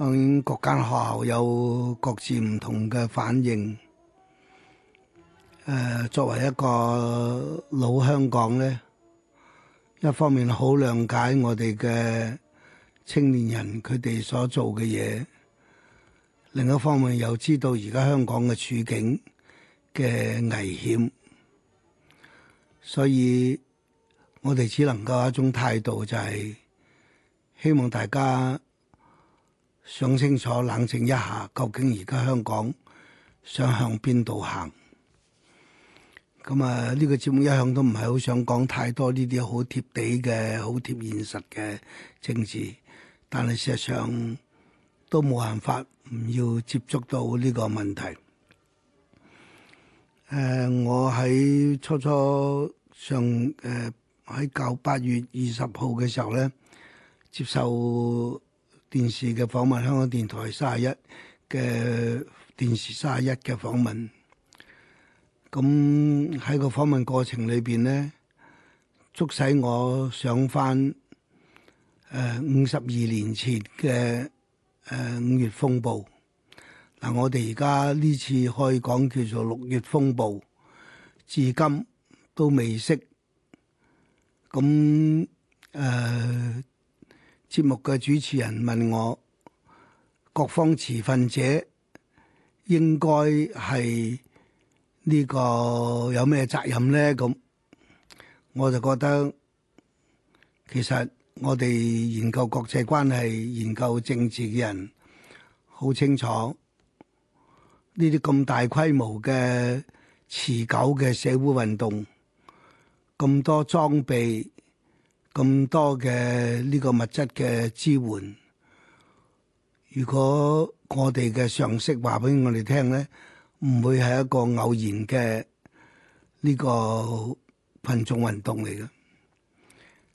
當然，各間學校有各自唔同嘅反應。誒、呃，作為一個老香港咧，一方面好諒解我哋嘅青年人佢哋所做嘅嘢，另一方面又知道而家香港嘅處境嘅危險，所以我哋只能夠一種態度就係希望大家。想清楚，冷靜一下，究竟而家香港想向邊度行？咁、嗯、啊，呢個節目一向都唔係好想講太多呢啲好貼地嘅、好貼現實嘅政治，但係事實上都冇辦法唔要接觸到呢個問題。誒、呃，我喺初初上誒喺九八月二十號嘅時候咧，接受電視嘅訪問，香港電台三十一嘅電視三十一嘅訪問，咁喺個訪問過程裏邊咧，促使我上翻誒五十二年前嘅誒五月風暴。嗱，我哋而家呢次可以講叫做六月風暴，至今都未息。咁誒。呃節目嘅主持人問我，各方持份者應該係呢個有咩責任咧？咁我就覺得，其實我哋研究國際關係、研究政治嘅人好清楚，呢啲咁大規模嘅持久嘅社會運動，咁多裝備，咁多嘅呢個物質嘅支援，如果我哋嘅常識話俾我哋聽咧，唔會係一個偶然嘅呢個群眾運動嚟嘅。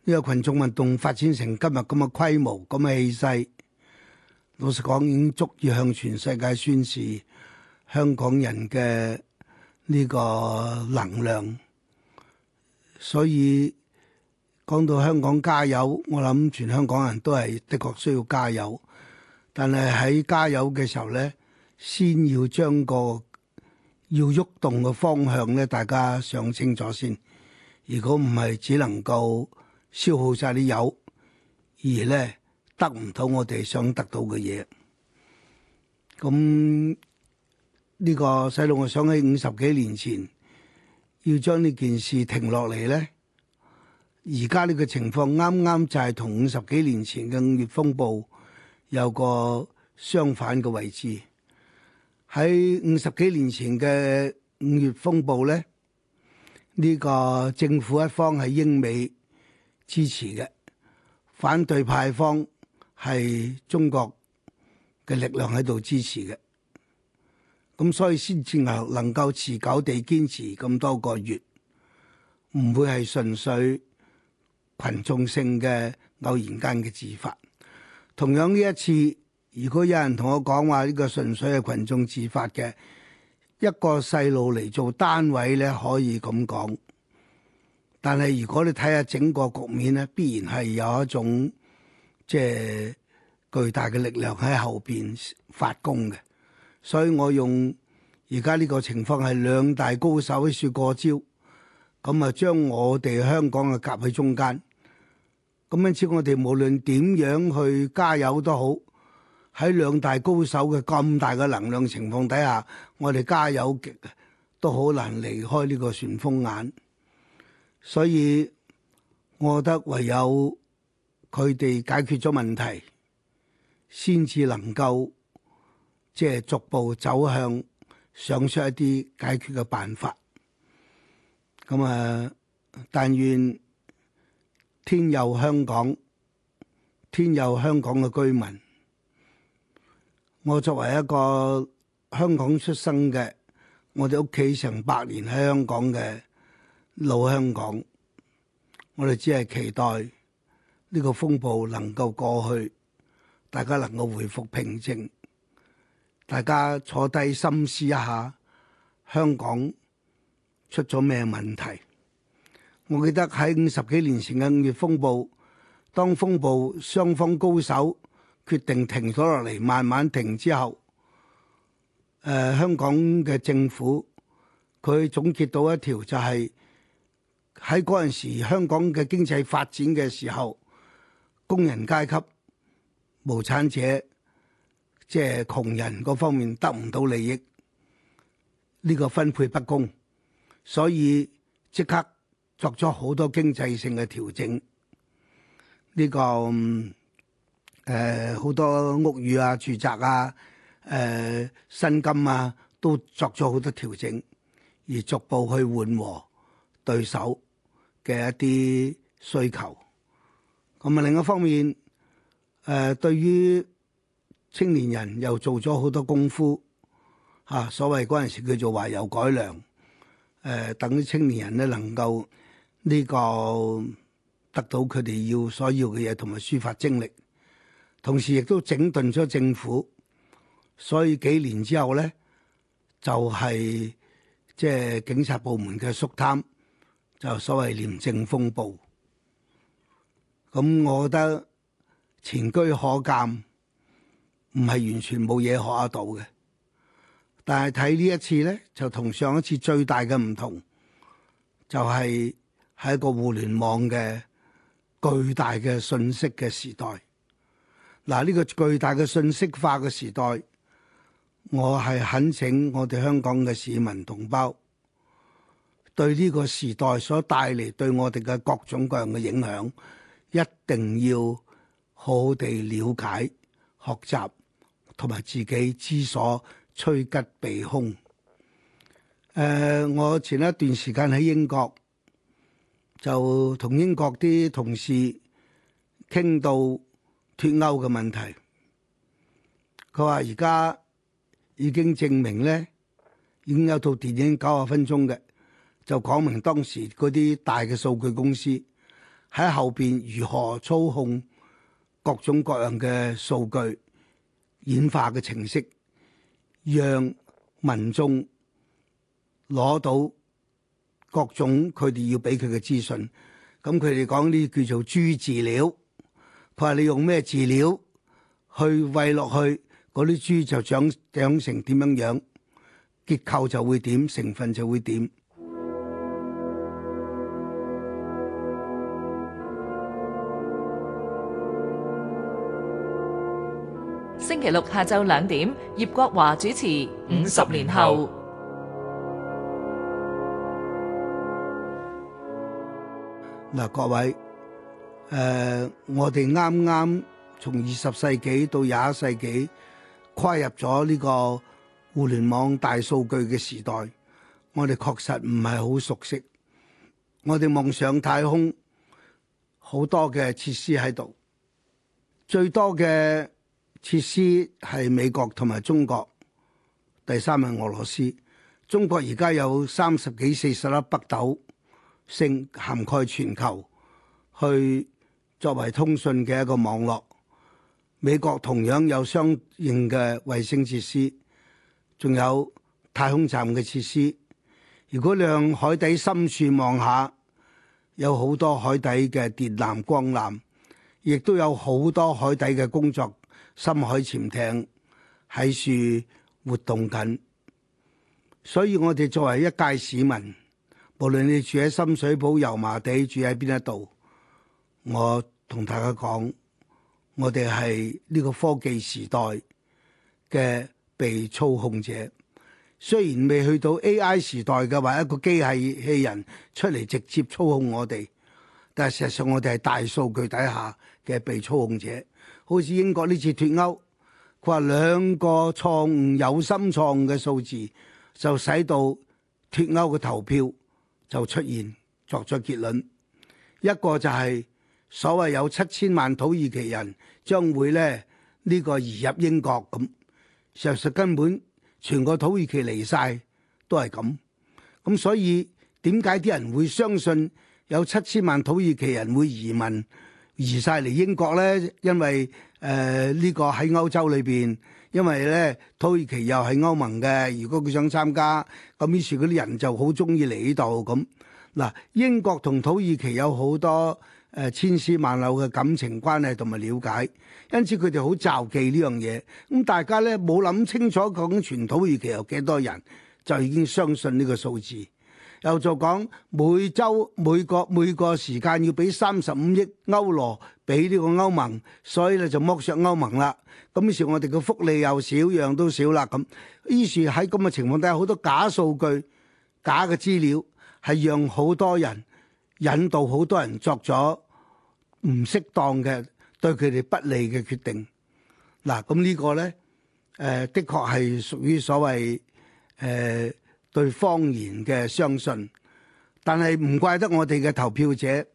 呢個群眾運動發展成今日咁嘅規模、咁嘅氣勢，老實講已經足以向全世界宣示香港人嘅呢個能量。所以。講到香港加油，我諗全香港人都係的確需要加油，但係喺加油嘅時候咧，先要將個要喐動嘅方向咧，大家想清楚先。如果唔係，只能夠消耗晒啲油，而咧得唔到我哋想得到嘅嘢。咁呢個細路，我想起五十幾年前，要將呢件事停落嚟咧。而家呢個情況啱啱就係同五十幾年前嘅五月風暴有個相反嘅位置。喺五十幾年前嘅五月風暴咧，呢個政府一方係英美支持嘅，反對派方係中國嘅力量喺度支持嘅。咁所以先至能夠持久地堅持咁多個月，唔會係純粹群眾性嘅偶然間嘅自發，同樣呢一次，如果有人同我講話呢個純粹係群眾自發嘅一個細路嚟做單位咧，可以咁講。但係如果你睇下整個局面咧，必然係有一種即係、就是、巨大嘅力量喺後邊發功嘅，所以我用而家呢個情況係兩大高手喺說過招。咁啊，將我哋香港嘅夾喺中間，咁因此我哋無論點樣去加油都好，喺兩大高手嘅咁大嘅能量情況底下，我哋加油極啊都好難離開呢個旋風眼，所以我覺得唯有佢哋解決咗問題，先至能夠即係逐步走向想出一啲解決嘅辦法。咁啊！但願天佑香港，天佑香港嘅居民。我作為一個香港出生嘅，我哋屋企成百年喺香港嘅老香港，我哋只係期待呢個風暴能夠過去，大家能夠回復平靜，大家坐低深思一下香港。出咗咩問題？我記得喺五十幾年前嘅五月風暴，當風暴雙方高手決定停咗落嚟，慢慢停之後，誒、呃，香港嘅政府佢總結到一條就係喺嗰陣時香港嘅經濟發展嘅時候，工人階級、無產者即係窮人嗰方面得唔到利益，呢、這個分配不公。所以即刻作咗好多經濟性嘅調整，呢、這個誒好、呃、多屋宇啊、住宅啊、誒、呃、薪金啊，都作咗好多調整，而逐步去緩和對手嘅一啲需求。咁啊另一方面，誒、呃、對於青年人又做咗好多功夫，嚇、啊、所謂陣時叫做懷柔改良。誒、呃、等啲青年人咧能夠呢、這個得到佢哋要所要嘅嘢，同埋抒發精力，同時亦都整頓咗政府，所以幾年之後咧，就係即係警察部門嘅肅貪，就所謂廉政風暴。咁、嗯、我覺得前車可鑒，唔係完全冇嘢學得到嘅。但係睇呢一次呢，就同上一次最大嘅唔同，就係係一個互聯網嘅巨大嘅信息嘅時代。嗱，呢個巨大嘅信息化嘅時代，我係懇請我哋香港嘅市民同胞對呢個時代所帶嚟對我哋嘅各種各樣嘅影響，一定要好好地了解、學習同埋自己知所。趨吉避凶。誒、呃，我前一段時間喺英國就同英國啲同事傾到脱歐嘅問題。佢話：而家已經證明咧，已經有套電影九十分鐘嘅，就講明當時嗰啲大嘅數據公司喺後邊如何操控各種各樣嘅數據演化嘅程式。讓民眾攞到各種佢哋要俾佢嘅資訊，咁佢哋講呢，叫做豬飼料，佢話你用咩飼料去餵落去，嗰啲豬就長長成點樣樣，結構就會點，成分就會點。星期六下晝兩點，葉國華主持《五十年後》。嗱，各位，誒、呃，我哋啱啱從二十世紀到廿一世紀，跨入咗呢個互聯網大數據嘅時代，我哋確實唔係好熟悉。我哋望上太空，好多嘅設施喺度，最多嘅。設施係美國同埋中國，第三係俄羅斯。中國而家有三十幾四十粒北斗星，涵蓋全球，去作為通訊嘅一個網絡。美國同樣有相應嘅衛星設施，仲有太空站嘅設施。如果你向海底深處望下，有好多海底嘅電纜、光纜，亦都有好多海底嘅工作。深海潛艇喺樹活動緊，所以我哋作為一介市民，無論你住喺深水埗油麻地，住喺邊一度，我同大家講，我哋係呢個科技時代嘅被操控者。雖然未去到 A.I 時代嘅話，一個機械器人出嚟直接操控我哋，但係事實上我哋係大數據底下嘅被操控者。好似英國呢次脱歐，佢話兩個錯誤、有心錯誤嘅數字，就使到脱歐嘅投票就出現作出結論。一個就係、係、所謂有七千萬土耳其人將會咧呢、呢個移入英國咁，實實根本全個土耳其離晒，都係咁。咁所以點解啲人會相信有七千萬土耳其人會移民？移晒嚟英國呢？因為誒呢、呃這個喺歐洲裏邊，因為呢土耳其又係歐盟嘅，如果佢想參加，咁於是嗰啲人就好中意嚟呢度咁。嗱，英國同土耳其有好多誒、呃、千絲萬縷嘅感情關係同埋了解，因此佢哋好罩記呢樣嘢。咁大家呢冇諗清楚究竟全土耳其有幾多人，就已經相信呢個數字。又就講每週每個每個時間要俾三十五億歐羅俾呢個歐盟，所以咧就剝削歐盟啦。咁於是，我哋嘅福利又少，樣都少啦。咁於是喺咁嘅情況底下，好多假數據、假嘅資料，係讓好多人引導好多人作咗唔適當嘅對佢哋不利嘅決定。嗱，咁呢個咧，誒，的確係屬於所謂誒。對方言嘅相信，但係唔怪得我哋嘅投票者，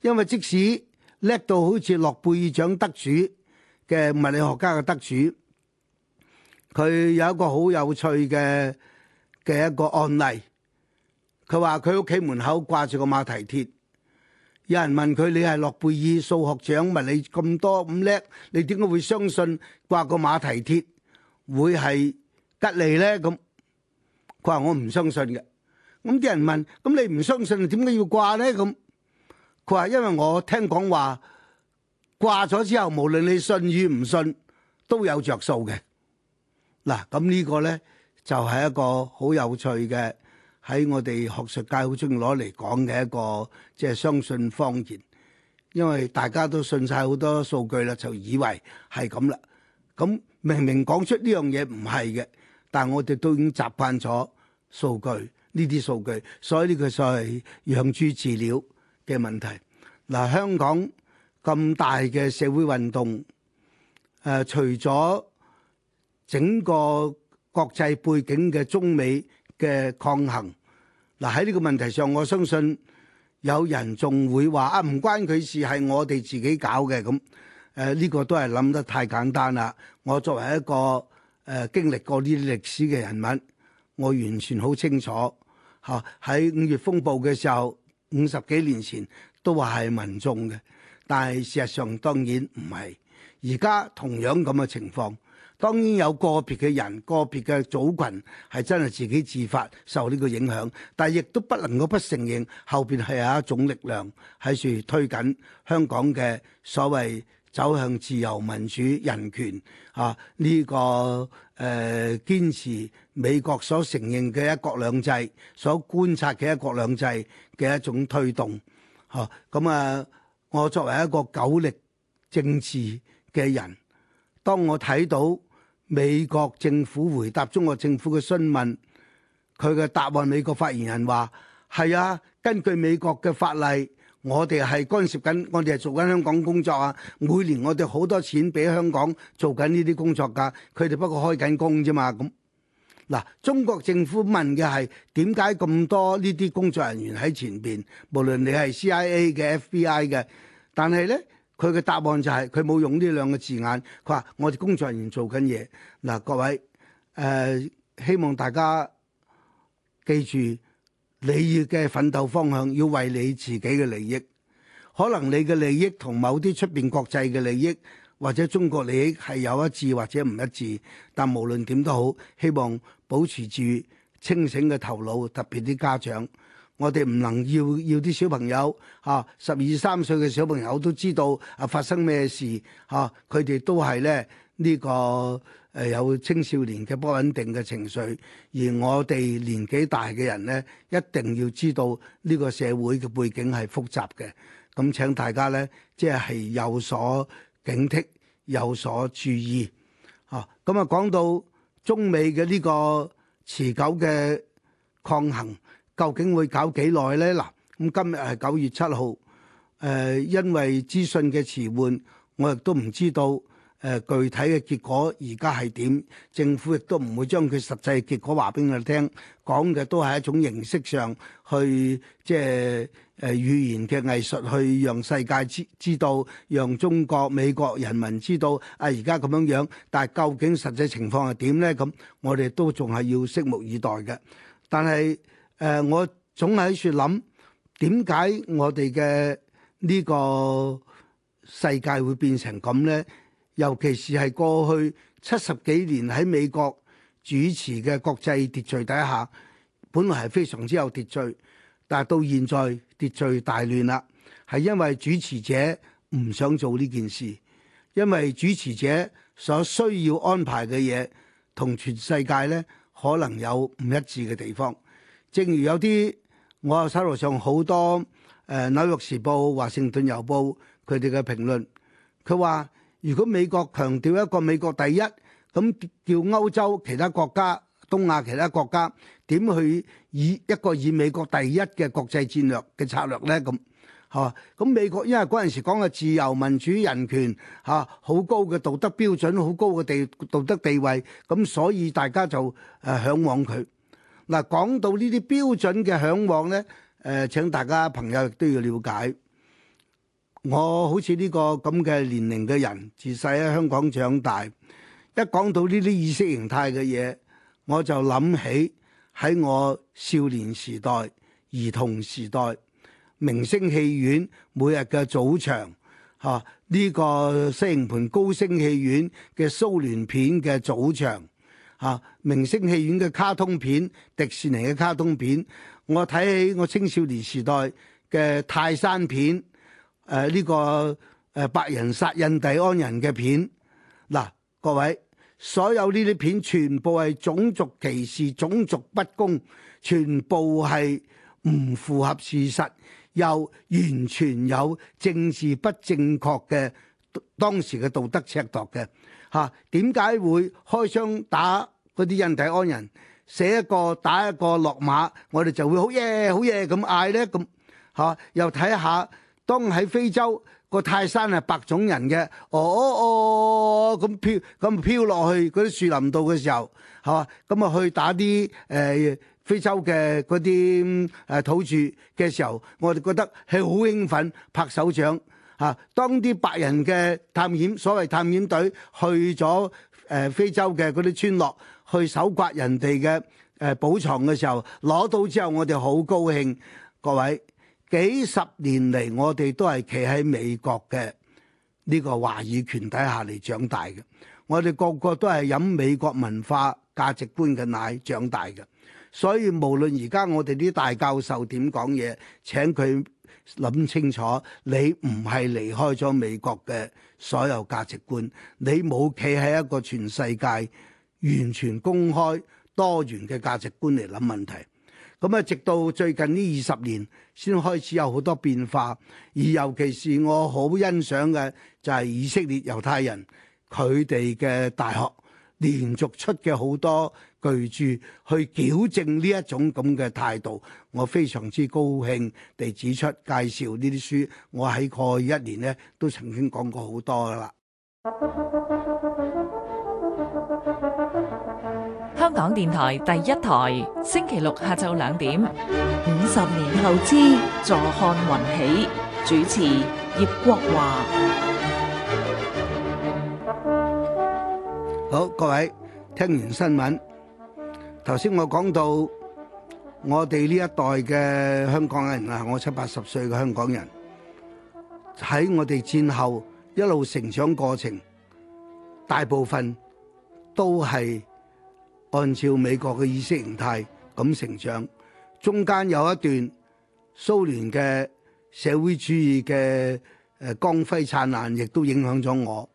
因為即使叻到好似諾貝爾獎得主嘅物理學家嘅得主，佢有一個好有趣嘅嘅一個案例，佢話佢屋企門口掛住個馬蹄鐵，有人問佢：你係諾貝爾數學獎，物理咁多咁叻，你點解會相信掛個馬蹄鐵會係吉利呢？咁佢話：我唔相信嘅。咁啲人問：咁你唔相信點解要掛呢？咁佢話：因為我聽講話掛咗之後，無論你信與唔信，都有着數嘅。嗱，咁呢個呢就係一個好有趣嘅喺我哋學術界好中意攞嚟講嘅一個即係相信謊言。因為大家都信晒好多數據啦，就以為係咁啦。咁明明講出呢樣嘢唔係嘅。但我哋都已經習慣咗數據呢啲數據，所以呢個就係養豬飼料嘅問題。嗱、啊，香港咁大嘅社會運動，誒、啊，除咗整個國際背景嘅中美嘅抗衡，嗱喺呢個問題上，我相信有人仲會話啊，唔關佢事，係我哋自己搞嘅咁。誒、啊，呢、啊呢個都係諗得太簡單啦。我作為一個誒，經歷過呢啲歷史嘅人物，我完全好清楚嚇。喺五月風暴嘅時候，五十幾年前都話係民眾嘅，但係事實上當然唔係。而家同樣咁嘅情況，當然有個別嘅人、個別嘅組群係真係自己自發受呢個影響，但係亦都不能夠不承認後邊係有一種力量喺處推緊香港嘅所謂。走向自由民主、人權啊！呢、這個誒、呃、堅持美國所承認嘅一國兩制，所觀察嘅一國兩制嘅一種推動嚇。咁啊，啊，我作為一個久歷政治嘅人，當我睇到美國政府回答中國政府嘅詢問，佢嘅答案，美國發言人話：係啊，根據美國嘅法例。我哋係干涉緊，我哋係做緊香港工作啊！每年我哋好多錢俾香港做緊呢啲工作㗎，佢哋不過開緊工啫嘛咁。嗱，中國政府問嘅係點解咁多呢啲工作人員喺前邊？無論你係 CIA 嘅、FBI 嘅，但係呢，佢嘅答案就係佢冇用呢兩個字眼。佢話我哋工作人員做緊嘢。嗱，各位誒、呃，希望大家記住。你要嘅奮鬥方向，要為你自己嘅利益。可能你嘅利益同某啲出面國際嘅利益，或者中國利益係有一致或者唔一致。但無論點都好，希望保持住清醒嘅頭腦。特別啲家長，我哋唔能要要啲小朋友嚇，十二三歲嘅小朋友都知道啊發生咩事嚇，佢哋都係咧呢個。誒有青少年嘅不穩定嘅情緒，而我哋年紀大嘅人呢，一定要知道呢個社會嘅背景係複雜嘅。咁、嗯、請大家呢，即係有所警惕，有所注意。嚇、嗯，咁啊講到中美嘅呢個持久嘅抗衡，究竟會搞幾耐呢？嗱、嗯，咁今日係九月七號，誒、呃，因為資訊嘅遲緩，我亦都唔知道。誒，具體嘅結果而家係點？政府亦都唔會將佢實際結果話俾我哋聽，講嘅都係一種形式上去，去即係誒語言嘅藝術，去讓世界知知道，讓中國、美國人民知道啊！而家咁樣樣，但係究竟實際情況係點呢？咁我哋都仲係要拭目以待嘅。但係誒、呃，我總係喺處諗，點解我哋嘅呢個世界會變成咁呢？尤其是係過去七十幾年喺美國主持嘅國際秩序底下，本來係非常之有秩序，但係到現在秩序大亂啦，係因為主持者唔想做呢件事，因為主持者所需要安排嘅嘢同全世界呢可能有唔一致嘅地方。正如有啲我手頭上好多誒紐約時報、華盛頓郵報佢哋嘅評論，佢話。如果美國強調一個美國第一，咁叫歐洲其他國家、東亞其他國家點去以一個以美國第一嘅國際戰略嘅策略呢？咁嚇，咁美國因為嗰陣時講嘅自由民主、人權嚇，好高嘅道德標準，好高嘅地道德地位，咁所以大家就誒嚮往佢嗱。講到呢啲標準嘅嚮往呢，誒請大家朋友亦都要了解。我好似呢個咁嘅年齡嘅人，自細喺香港長大，一講到呢啲意識形態嘅嘢，我就諗起喺我少年時代、兒童時代，明星戲院每日嘅早場嚇，呢、啊呢個西營盤高升戲院嘅蘇聯片嘅早場嚇、啊，明星戲院嘅卡通片、迪士尼嘅卡通片，我睇起我青少年時代嘅泰山片。誒，呢個誒白人殺印第安人嘅片，嗱各位，所有呢啲片全部係種族歧視、種族不公，全部係唔符合事實，又完全有政治不正確嘅當時嘅道德尺度嘅，吓、啊，點解會開槍打嗰啲印第安人，射一個打一個落馬，我哋就會好嘢、好嘢咁嗌呢？咁吓、啊，又睇下。當喺非洲個泰山係白種人嘅，哦哦咁飄咁飄落去嗰啲樹林度嘅時候，係嘛，咁啊去打啲誒非洲嘅嗰啲誒土著嘅時候，我哋覺得係好興奮，拍手掌嚇。當啲白人嘅探險所謂探險隊去咗誒非洲嘅嗰啲村落去搜刮人哋嘅誒寶藏嘅時候，攞到之後我哋好高興，各位。幾十年嚟，我哋都係企喺美國嘅呢個話語權底下嚟長大嘅，我哋個個都係飲美國文化價值觀嘅奶長大嘅，所以無論而家我哋啲大教授點講嘢，請佢諗清楚，你唔係離開咗美國嘅所有價值觀，你冇企喺一個全世界完全公開多元嘅價值觀嚟諗問題。咁啊，直到最近呢二十年先開始有好多變化，而尤其是我好欣賞嘅就係以色列猶太人佢哋嘅大學連續出嘅好多巨著，去矯正呢一種咁嘅態度。我非常之高興地指出介紹呢啲書，我喺過去一年呢都曾經講過好多噶啦。港電台第一台，星期六下晝兩點。五十年投資，坐看雲起。主持葉國華。好，各位，聽完新聞，頭先我講到，我哋呢一代嘅香港人啊，我七八十歲嘅香港人，喺我哋戰後一路成長過程，大部分都係。按照美國嘅意識形態咁成長，中間有一段蘇聯嘅社會主義嘅誒光輝燦爛，亦都影響咗我。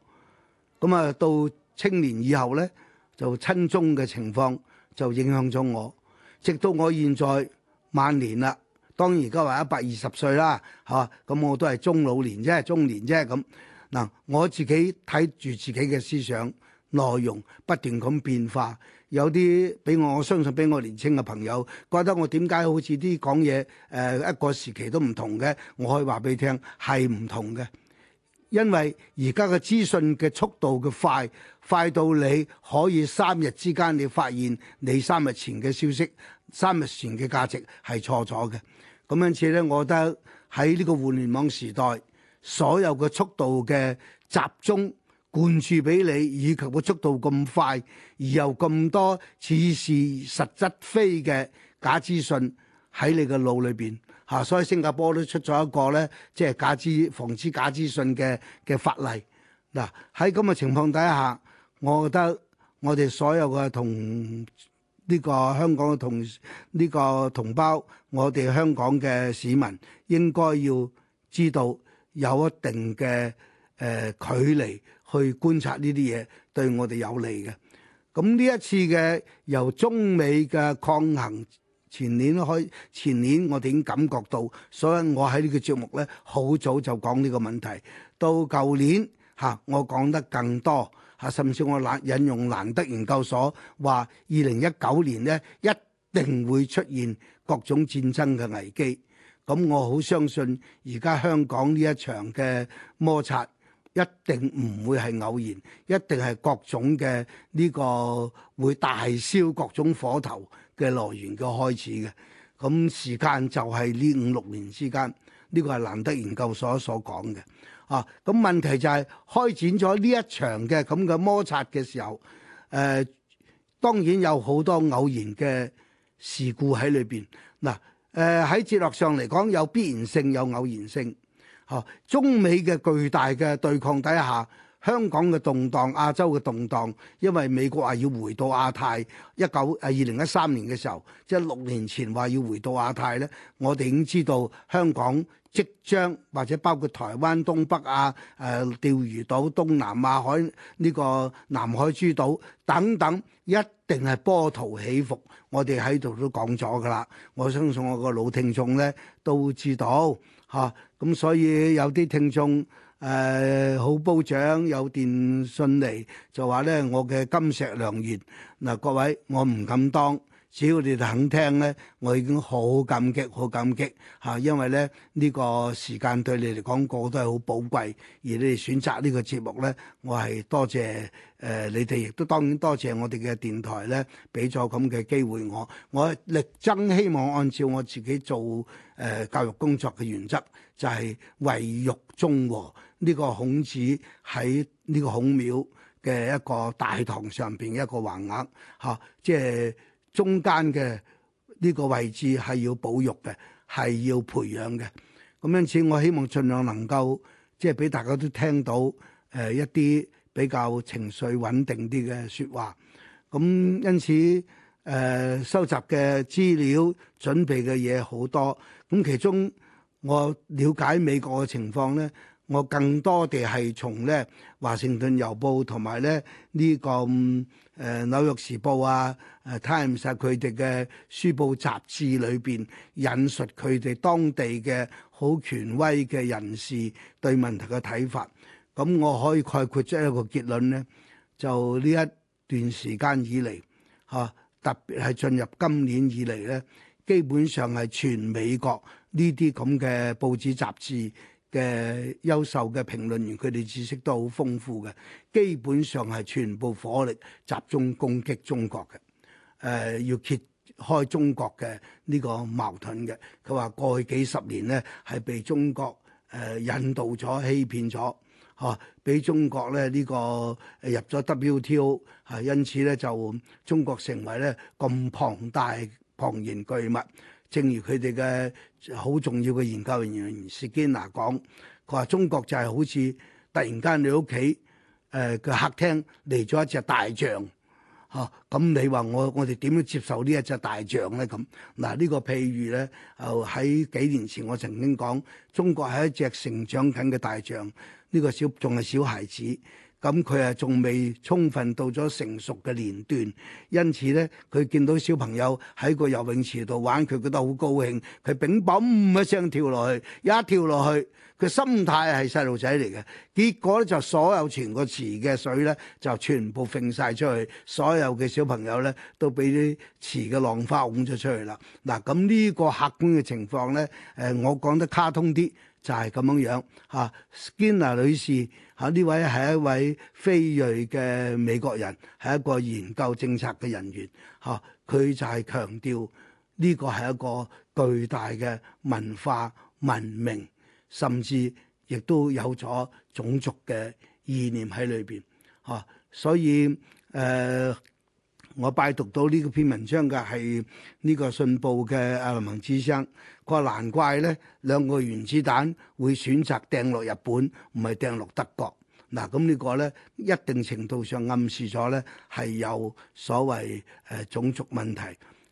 咁啊，到青年以後咧，就親中嘅情況就影響咗我，直到我現在晚年啦。當然而家話一百二十歲啦，嚇咁我都係中老年啫，中年啫咁嗱。我自己睇住自己嘅思想內容不斷咁變化。有啲俾我，我相信俾我年青嘅朋友，覺得我點解好似啲講嘢，誒、呃、一個時期都唔同嘅。我可以話俾你聽，係唔同嘅，因為而家嘅資訊嘅速度嘅快，快到你可以三日之間，你發現你三日前嘅消息，三日前嘅價值係錯咗嘅。咁樣似咧，我覺得喺呢個互聯網時代，所有嘅速度嘅集中。灌注俾你，以及個速度咁快，而又咁多似是而實質非嘅假資訊喺你個腦裏邊嚇，所以新加坡都出咗一個咧，即係假資防止假資訊嘅嘅法例嗱。喺咁嘅情況底下，我覺得我哋所有嘅同呢、呢個香港嘅同呢、呢個同胞，我哋香港嘅市民應該要知道有一定嘅誒、呃、距離。去觀察呢啲嘢對我哋有利嘅。咁呢一次嘅由中美嘅抗衡，前年開前年我哋已經感覺到，所以我喺呢個節目呢好早就講呢個問題。到舊年吓、啊，我講得更多吓、啊，甚至我引用蘭德研究所話，二零一九年呢，一定會出現各種戰爭嘅危機。咁我好相信而家香港呢一場嘅摩擦。一定唔會係偶然，一定係各種嘅呢個會大燒各種火頭嘅來源嘅開始嘅。咁時間就係呢五六年之間，呢、這個係蘭德研究所所講嘅。啊，咁問題就係、是、開展咗呢一場嘅咁嘅摩擦嘅時候，誒、呃、當然有好多偶然嘅事故喺裏邊。嗱、呃，誒、呃、喺哲學上嚟講，有必然性，有偶然性。中美嘅巨大嘅對抗底下，香港嘅動盪，亞洲嘅動盪，因為美國話要回到亞太一九誒二零一三年嘅時候，即係六年前話要回到亞太呢，我哋已經知道香港即將或者包括台灣東北啊、誒釣魚島東南亞海呢個南海諸島等等，一定係波濤起伏。我哋喺度都講咗噶啦，我相信我個老聽眾呢都知道。嚇！咁、啊、所以有啲聽眾誒、呃、好褒獎，有電信嚟就話咧，我嘅金石良言嗱、啊，各位我唔敢當。只要你哋肯聽咧，我已經好感激，好感激嚇，因為咧呢個時間對你嚟講，個個都係好寶貴。而你哋選擇呢個節目咧，我係多謝誒你哋，亦都當然多謝我哋嘅電台咧，俾咗咁嘅機會我。我力爭希望按照我自己做誒教育工作嘅原則，就係、是、位育中和。呢、這個孔子喺呢個孔廟嘅一個大堂上邊一個橫額嚇，即係。中間嘅呢個位置係要保育嘅，係要培養嘅。咁因此我希望盡量能夠即係俾大家都聽到誒一啲比較情緒穩定啲嘅說話。咁因此誒、呃、收集嘅資料、準備嘅嘢好多。咁其中我了解美國嘅情況咧，我更多地係從咧華盛頓郵報同埋咧呢、呢個。嗯誒紐約時報啊，誒 Times 佢哋嘅書報雜誌裏邊引述佢哋當地嘅好權威嘅人士對問題嘅睇法，咁我可以概括出一個結論咧，就呢一段時間以嚟，嚇特別係進入今年以嚟咧，基本上係全美國呢啲咁嘅報紙雜誌，嘅優秀嘅評論員，佢哋知識都好豐富嘅，基本上係全部火力集中攻擊中國嘅，誒、呃、要揭開中國嘅呢個矛盾嘅。佢話過去幾十年咧係被中國誒、呃、引導咗、欺騙咗，嚇、啊、俾中國咧呢、呢個入咗 WTO，係、啊、因此咧就中國成為咧咁龐大龐然巨物。正如佢哋嘅好重要嘅研究人員薛基娜講，佢話中國就係好似突然間你屋企誒個客廳嚟咗一隻大象，嚇、啊、咁你話我我哋點樣接受呢一隻大象呢？咁、啊？嗱、這、呢個譬喻呢，就、呃、喺幾年前我曾經講，中國係一隻成長緊嘅大象，呢、這個小仲係小孩子。咁佢啊仲未充分到咗成熟嘅年段，因此呢，佢見到小朋友喺個游泳池度玩，佢覺得好高興，佢砰嘣一聲跳落去，一跳落去，佢心態係細路仔嚟嘅，結果咧就所有全個池嘅水呢，就全部揈晒出去，所有嘅小朋友呢，都俾啲池嘅浪花揾咗出去啦。嗱，咁呢個客觀嘅情況呢，誒，我講得卡通啲就係、是、咁樣樣嚇，Skinner 女士。嚇！呢位係一位非裔嘅美國人，係一個研究政策嘅人員。嚇、啊！佢就係強調呢個係一個巨大嘅文化文明，甚至亦都有咗種族嘅意念喺裏邊。嚇、啊！所以誒。呃我拜讀到呢個篇文章嘅係呢個信報嘅阿蒙之聲，佢話難怪咧兩個原子彈會選擇掟落日本，唔係掟落德國。嗱咁呢個咧一定程度上暗示咗咧係有所謂誒、呃、種族問題。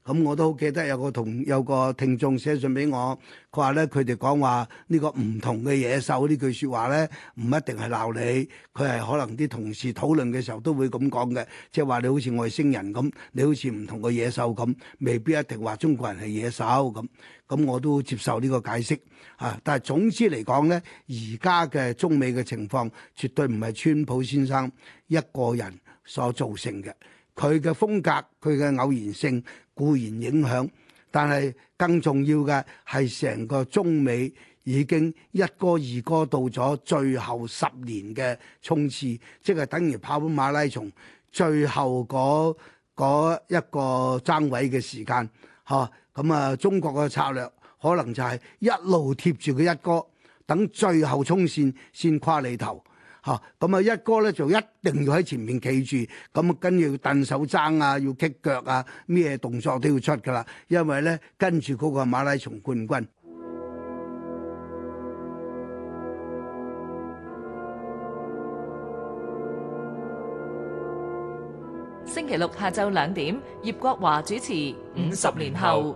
咁、嗯、我都好記得有個同有個聽眾寫信俾我，佢話咧佢哋講話呢個唔同嘅野獸呢句説話咧，唔一定係鬧你，佢係可能啲同事討論嘅時候都會咁講嘅，即係話你好似外星人咁，你好似唔同嘅野獸咁，未必一定話中國人係野獸咁。咁、嗯、我都接受呢個解釋嚇、啊。但係總之嚟講咧，而家嘅中美嘅情況絕對唔係川普先生一個人所造成嘅，佢嘅風格，佢嘅偶然性，固然影響，但係更重要嘅係成個中美已經一哥二哥到咗最後十年嘅衝刺，即係等於跑完馬拉松最後嗰嗰一個爭位嘅時間吓，咁啊，啊！中國嘅策略可能就係一路貼住佢一哥，等最後衝綫先跨你頭。嚇！咁啊，一哥咧就一定要喺前面企住，咁跟住要掟手踭啊，要踢腳啊，咩動作都要出噶啦。因為咧跟住嗰個馬拉松冠軍。星期六下晝兩點，葉國華主持《五十年後》。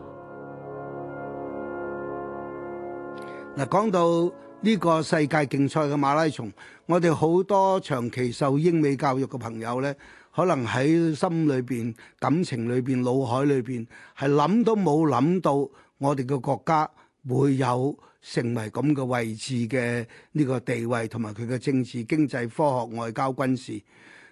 嗱，講到，呢個世界競賽嘅馬拉松，我哋好多長期受英美教育嘅朋友咧，可能喺心裏邊、感情裏邊、腦海裏邊，係諗都冇諗到，我哋嘅國家會有成為咁嘅位置嘅呢個地位，同埋佢嘅政治、經濟、科學、外交、軍事。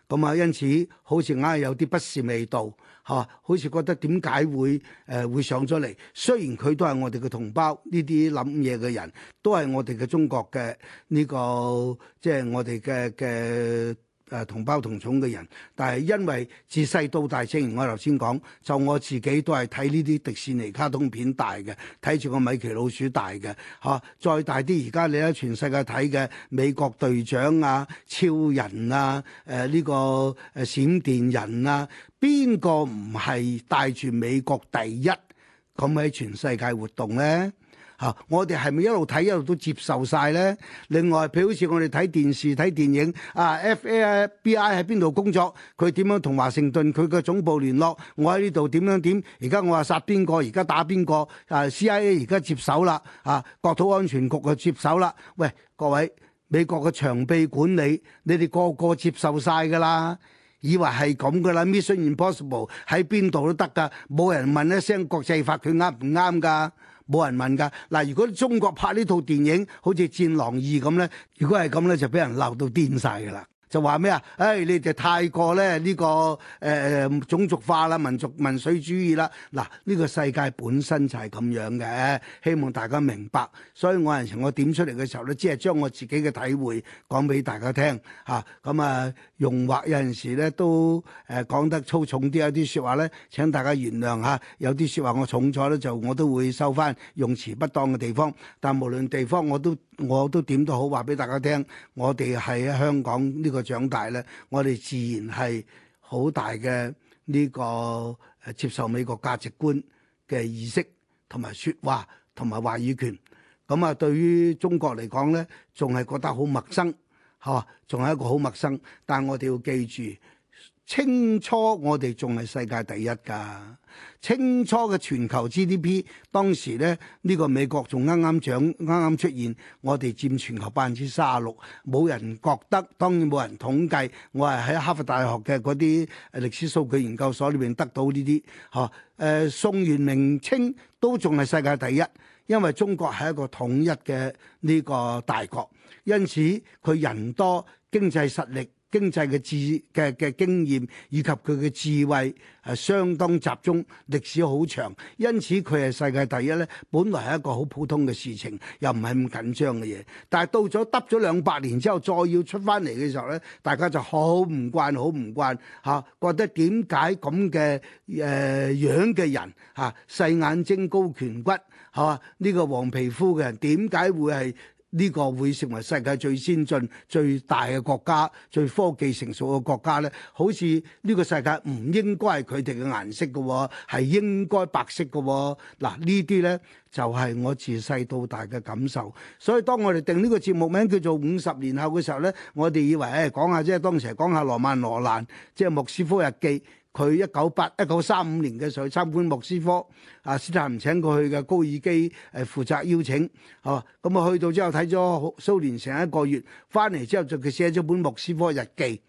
咁啊，因此好似硬係有啲不是味道，嚇，好似覺得點解會誒、呃、會上咗嚟？雖然佢都係我哋嘅同胞，呢啲諗嘢嘅人，都係我哋嘅中國嘅呢、這個，即、就、係、是、我哋嘅嘅。誒同胞同種嘅人，但係因為自細到大正，正如我頭先講，就我自己都係睇呢啲迪士尼卡通片大嘅，睇住個米奇老鼠大嘅，嚇、啊、再大啲，而家你喺全世界睇嘅美國隊長啊、超人啊、誒、啊、呢、呢個誒閃電人啊，邊個唔係帶住美國第一咁喺全世界活動咧？嚇！我哋係咪一路睇一路都接受晒呢？另外，譬如好似我哋睇電視睇電影，啊，FBI 喺邊度工作？佢點樣同華盛頓佢嘅總部聯絡？我喺呢度點樣點？而家我話殺邊個？而家打邊個？啊，CIA 而家接手啦！啊，國土安全局又接手啦！喂，各位，美國嘅長臂管理，你哋個個接受晒噶啦，以為係咁噶啦？Mission Impossible 喺邊度都得噶，冇人問一聲國際法佢啱唔啱噶？冇人問㗎。嗱，如果中國拍呢套電影好似《戰狼二》咁咧，如果係咁咧，就俾人鬧到癲晒㗎啦！就話咩啊？誒、哎，你哋太過咧呢、這個誒、呃、種族化啦、民族民粹主義啦。嗱，呢、這個世界本身就係咁樣嘅，希望大家明白。所以我有陣時我點出嚟嘅時候咧，只係將我自己嘅體會講俾大家聽嚇。咁啊，用、啊、話有陣時咧都誒、呃、講得粗重啲，有啲説話咧請大家原諒嚇。有啲説話我重咗咧就我都會收翻用詞不當嘅地方，但無論地方我都。我都點都好話俾大家聽，我哋喺香港呢個長大呢，我哋自然係好大嘅呢個誒接受美國價值觀嘅意識，同埋説話，同埋話語權。咁啊，對於中國嚟講呢，仲係覺得好陌生，嚇、啊，仲係一個好陌生。但我哋要記住。清初我哋仲係世界第一噶，清初嘅全球 GDP，當時咧呢個美國仲啱啱掌啱啱出現，我哋佔全球百分之三十六，冇人覺得，當然冇人統計，我係喺哈佛大學嘅嗰啲歷史數據研究所裏邊得到呢啲。吓、呃、誒宋元明清都仲係世界第一，因為中國係一個統一嘅呢個大國，因此佢人多，經濟實力。經濟嘅智嘅嘅經驗以及佢嘅智慧係、啊、相當集中，歷史好長，因此佢係世界第一呢。本來係一個好普通嘅事情，又唔係咁緊張嘅嘢。但係到咗得咗兩百年之後，再要出翻嚟嘅時候呢，大家就好唔慣，好唔慣嚇、啊，覺得點解咁嘅誒樣嘅、呃、人嚇、啊、細眼睛、高顴骨嚇呢、啊呢個黃皮膚嘅人點解會係？呢個會成為世界最先進、最大嘅國家、最科技成熟嘅國家呢，好似呢個世界唔應該係佢哋嘅顏色嘅，係應該白色嘅。嗱，呢啲呢就係、是、我自細到大嘅感受。所以當我哋定呢個節目名叫做《五十年後》嘅時候呢，我哋以為誒講、哎、下即係當時講下羅曼羅蘭，即係《莫斯科日記》。佢一九八一九三五年嘅時候參觀莫斯科，啊斯坦林請佢去嘅，高爾基誒負責邀請，嚇咁啊去到之後睇咗蘇聯成一個月，翻嚟之後就佢寫咗本莫斯科日記，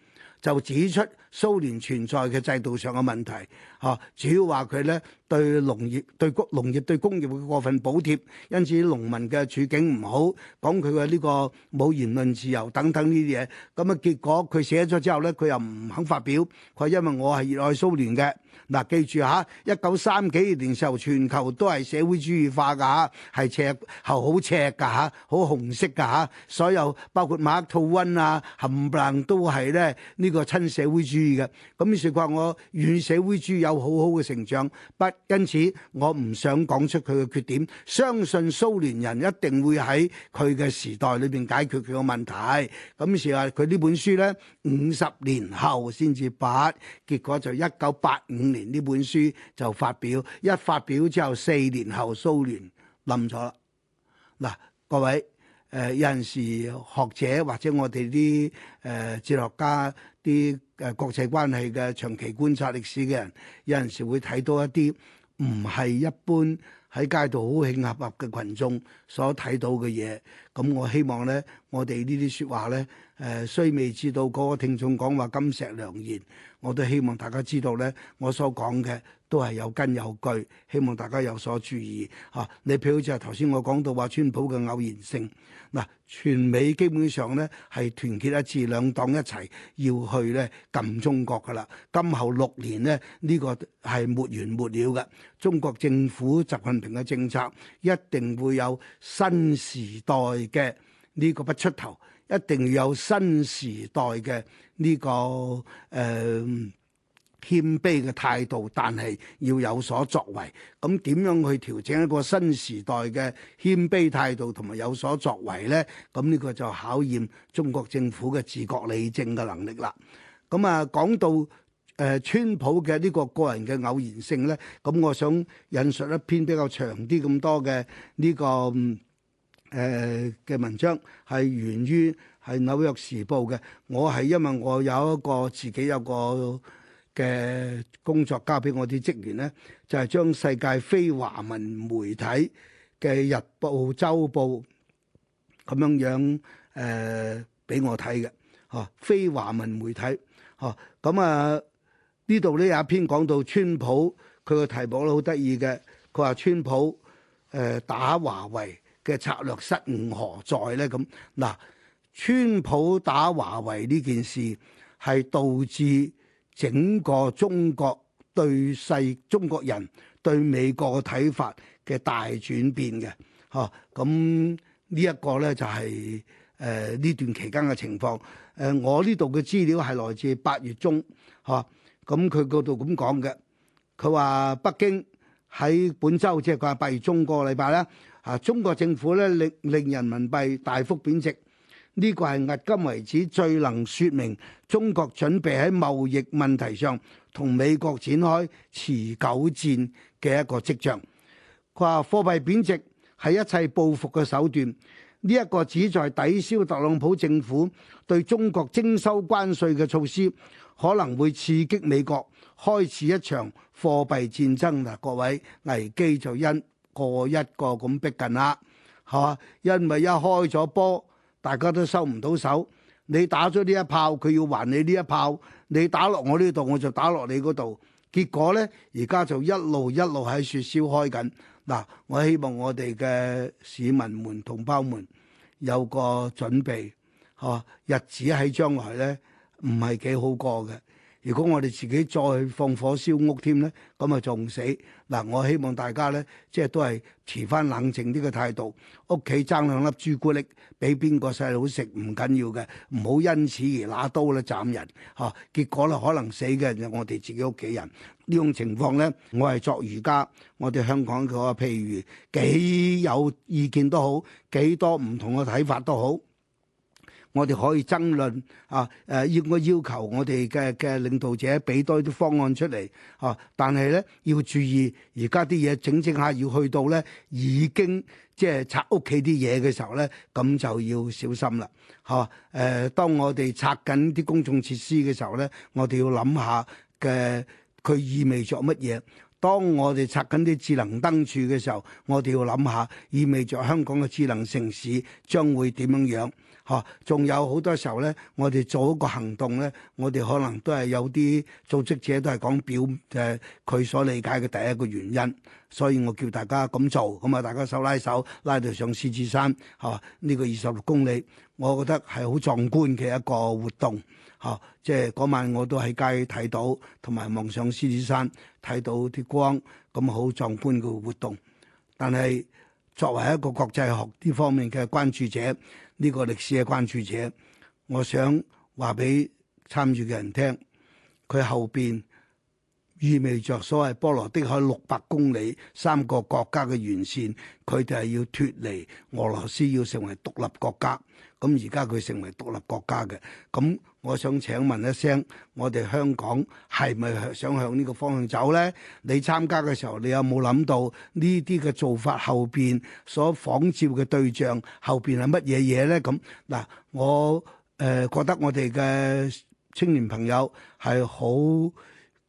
就指出蘇聯存在嘅制度上嘅問題，嚇、啊、主要話佢呢。對農業、對、農業、對工業嘅過份補貼，因此農民嘅處境唔好。講佢嘅呢個冇言論自由等等呢啲嘢，咁啊結果佢寫咗之後呢，佢又唔肯發表。佢話因為我係熱愛蘇聯嘅嗱，記住吓，一九三幾年時候全球都係社會主義化㗎吓，係赤後好赤㗎吓，好紅色㗎吓，所有包括馬克吐溫啊、冚唪唥都係咧呢個親社會主義嘅。咁於是話我願社會主義有好好嘅成長，不。因此，我唔想講出佢嘅缺點。相信蘇聯人一定會喺佢嘅時代裏邊解決佢嘅問題。咁於是話佢呢本書呢，五十年後先至發，結果就一九八五年呢本書就發表，一發表之後四年後蘇聯冧咗啦。嗱，各位。誒、呃、有陣時學者或者我哋啲誒哲學家、啲誒國際關係嘅長期觀察歷史嘅人，有陣時會睇到一啲唔係一般喺街度好慶合合嘅群眾所睇到嘅嘢。咁、嗯、我希望咧，我哋呢啲説話咧，誒、呃、雖未知道嗰、嗰個聽眾講話金石良言，我都希望大家知道咧，我所講嘅，都係有根有據，希望大家有所注意嚇、啊。你譬如好似頭先我講到話川普嘅偶然性，嗱，全美基本上咧係團結一致，兩黨一齊要去咧撳中國㗎啦。今後六年咧，呢個係沒完沒了嘅。中國政府習近平嘅政策一定會有新時代嘅呢個不出頭，一定要有新時代嘅呢個誒。呃謙卑嘅態度，但係要有所作為。咁點樣去調整一個新時代嘅謙卑態度同埋有所作為呢？咁呢個就考驗中國政府嘅治國理政嘅能力啦。咁啊，講到誒、呃、川普嘅呢個個人嘅偶然性呢，咁我想引述一篇比較長啲咁多嘅呢、這個誒嘅、呃、文章，係源於係紐約時報嘅。我係因為我有一個自己有個。嘅工作交俾我啲職員呢，就係、是、將世界非華文媒體嘅日報、周報咁樣樣誒俾我睇嘅。哦，非華文媒體。哦，咁啊呢度呢有一篇講到川普，佢個題目都好得意嘅，佢話川普誒、呃、打華為嘅策略失誤何在呢？」咁嗱，川普打華為呢件事係導致。整個中國對世中國人對美國嘅睇法嘅大轉變嘅，嚇、哦、咁、這個、呢一個咧就係誒呢段期間嘅情況。誒、呃、我呢度嘅資料係來自八月中，嚇咁佢嗰度咁講嘅，佢、嗯、話北京喺本週即係佢話八月中嗰個禮拜咧，嚇、啊、中國政府咧令令人民幣大幅貶值。呢個係迄今為止最能説明中國準備喺貿易問題上同美國展開持久戰嘅一個跡象。佢話貨幣貶值係一切報復嘅手段，呢一個旨在抵消特朗普政府對中國徵收關稅嘅措施，可能會刺激美國開始一場貨幣戰爭嗱！各位，危機就一個一個咁逼近啦，係嘛？因為一開咗波。大家都收唔到手，你打咗呢一炮，佢要還你呢一炮，你打落我呢度，我就打落你嗰度。結果咧，而家就一路一路喺雪燒開緊。嗱，我希望我哋嘅市民們、同胞們有個準備，吓日子喺將來咧唔係幾好過嘅。如果我哋自己再放火燒屋添咧，咁啊仲死嗱！我希望大家咧，即係都係持翻冷靜啲嘅態度。屋企爭兩粒朱古力俾邊個細佬食唔緊要嘅，唔好因此而拿刀咧斬人吓，啊，結果咧可能死嘅就我哋自己屋企人呢種情況咧，我係作瑜伽，我哋香港嘅嗰個，譬如幾有意見都好，幾多唔同嘅睇法都好。我哋可以爭論，啊！誒、呃，要唔要要求我哋嘅嘅領導者俾多啲方案出嚟啊？但係咧要注意，而家啲嘢整整下，要去到咧已經即係、就是、拆屋企啲嘢嘅時候咧，咁就要小心啦。嚇、啊、誒、呃，當我哋拆緊啲公眾設施嘅時候咧，我哋要諗下嘅佢意味著乜嘢？當我哋拆緊啲智能燈柱嘅時候，我哋要諗下意味著香港嘅智能城市將會點樣樣？嚇，仲有好多時候咧，我哋做一個行動咧，我哋可能都係有啲組織者都係講表誒佢、就係、所理解嘅第一個原因，所以我叫大家咁做，咁啊大家手拉手拉到上獅子山，嚇、啊、呢、呢個二十六公里，我覺得係好壯觀嘅一個活動，嚇、啊，即係嗰晚我都喺街睇到，同埋望上獅子山睇到啲光，咁好壯觀嘅活動，但係，作為一個國際學呢方面嘅關注者，呢個歷史嘅關注者，我想話俾參與嘅人聽，佢後邊。意味著所謂波羅的海六百公里三個國家嘅完善，佢哋係要脫離俄羅斯，要成為獨立國家。咁而家佢成為獨立國家嘅，咁我想請問一聲，我哋香港係咪想向呢個方向走呢？你參加嘅時候，你有冇諗到呢啲嘅做法後邊所仿照嘅對象後邊係乜嘢嘢呢？咁嗱，我誒、呃、覺得我哋嘅青年朋友係好。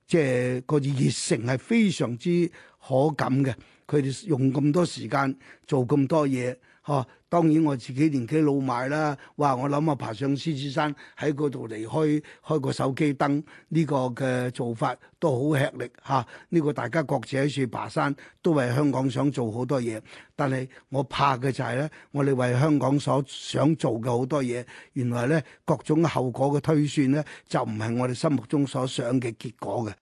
即係個熱誠係非常之可感嘅，佢哋用咁多時間做咁多嘢，嚇、啊。當然我自己年紀老邁啦，哇！我諗啊，爬上獅子山喺嗰度離開開手、個手機燈呢個嘅做法都好吃力嚇。呢、啊呢個大家各自喺處爬山都為香港想做好多嘢，但係我怕嘅就係咧，我哋為香港所想做嘅好多嘢，原來咧各種後果嘅推算咧，就唔係我哋心目中所想嘅結果嘅。